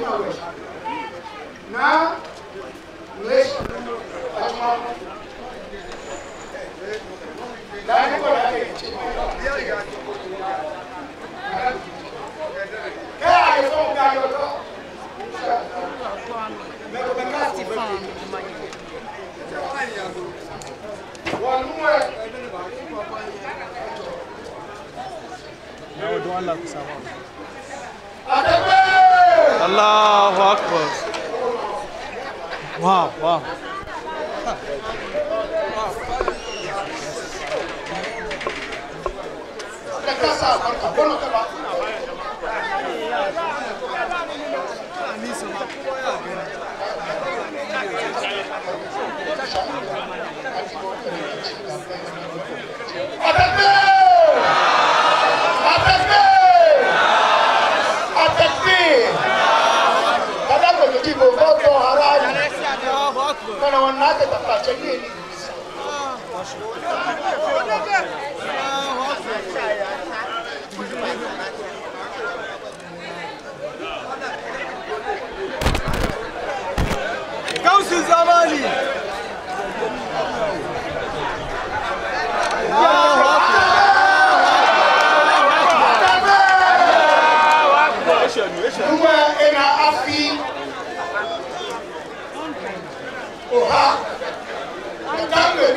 Now let's Asma. La to. Me ko ka Allahu Akbar. Wow, wow. Thank you. gogoto haraji kana wanawake tapachagie nini ah,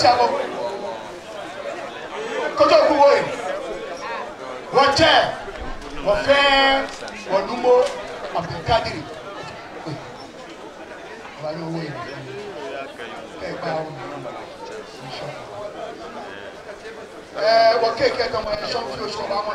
siago kojú òkú wo yìí wọ́n jẹ́ wọ́n fẹ́ wọ́n dúnbó Abdulkadiri wọ́n yóò wọ́n yìí ẹ̀ gbà wọ́n ẹ̀ wọ́n kéèké ẹ̀ kàn wọ́n ẹ̀ sọ́n fi oṣù ọba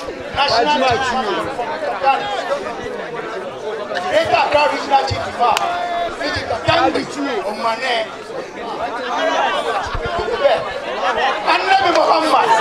national nígbà tó original chief fa níbi kankan tu ọmọ náà anabi Muhammad.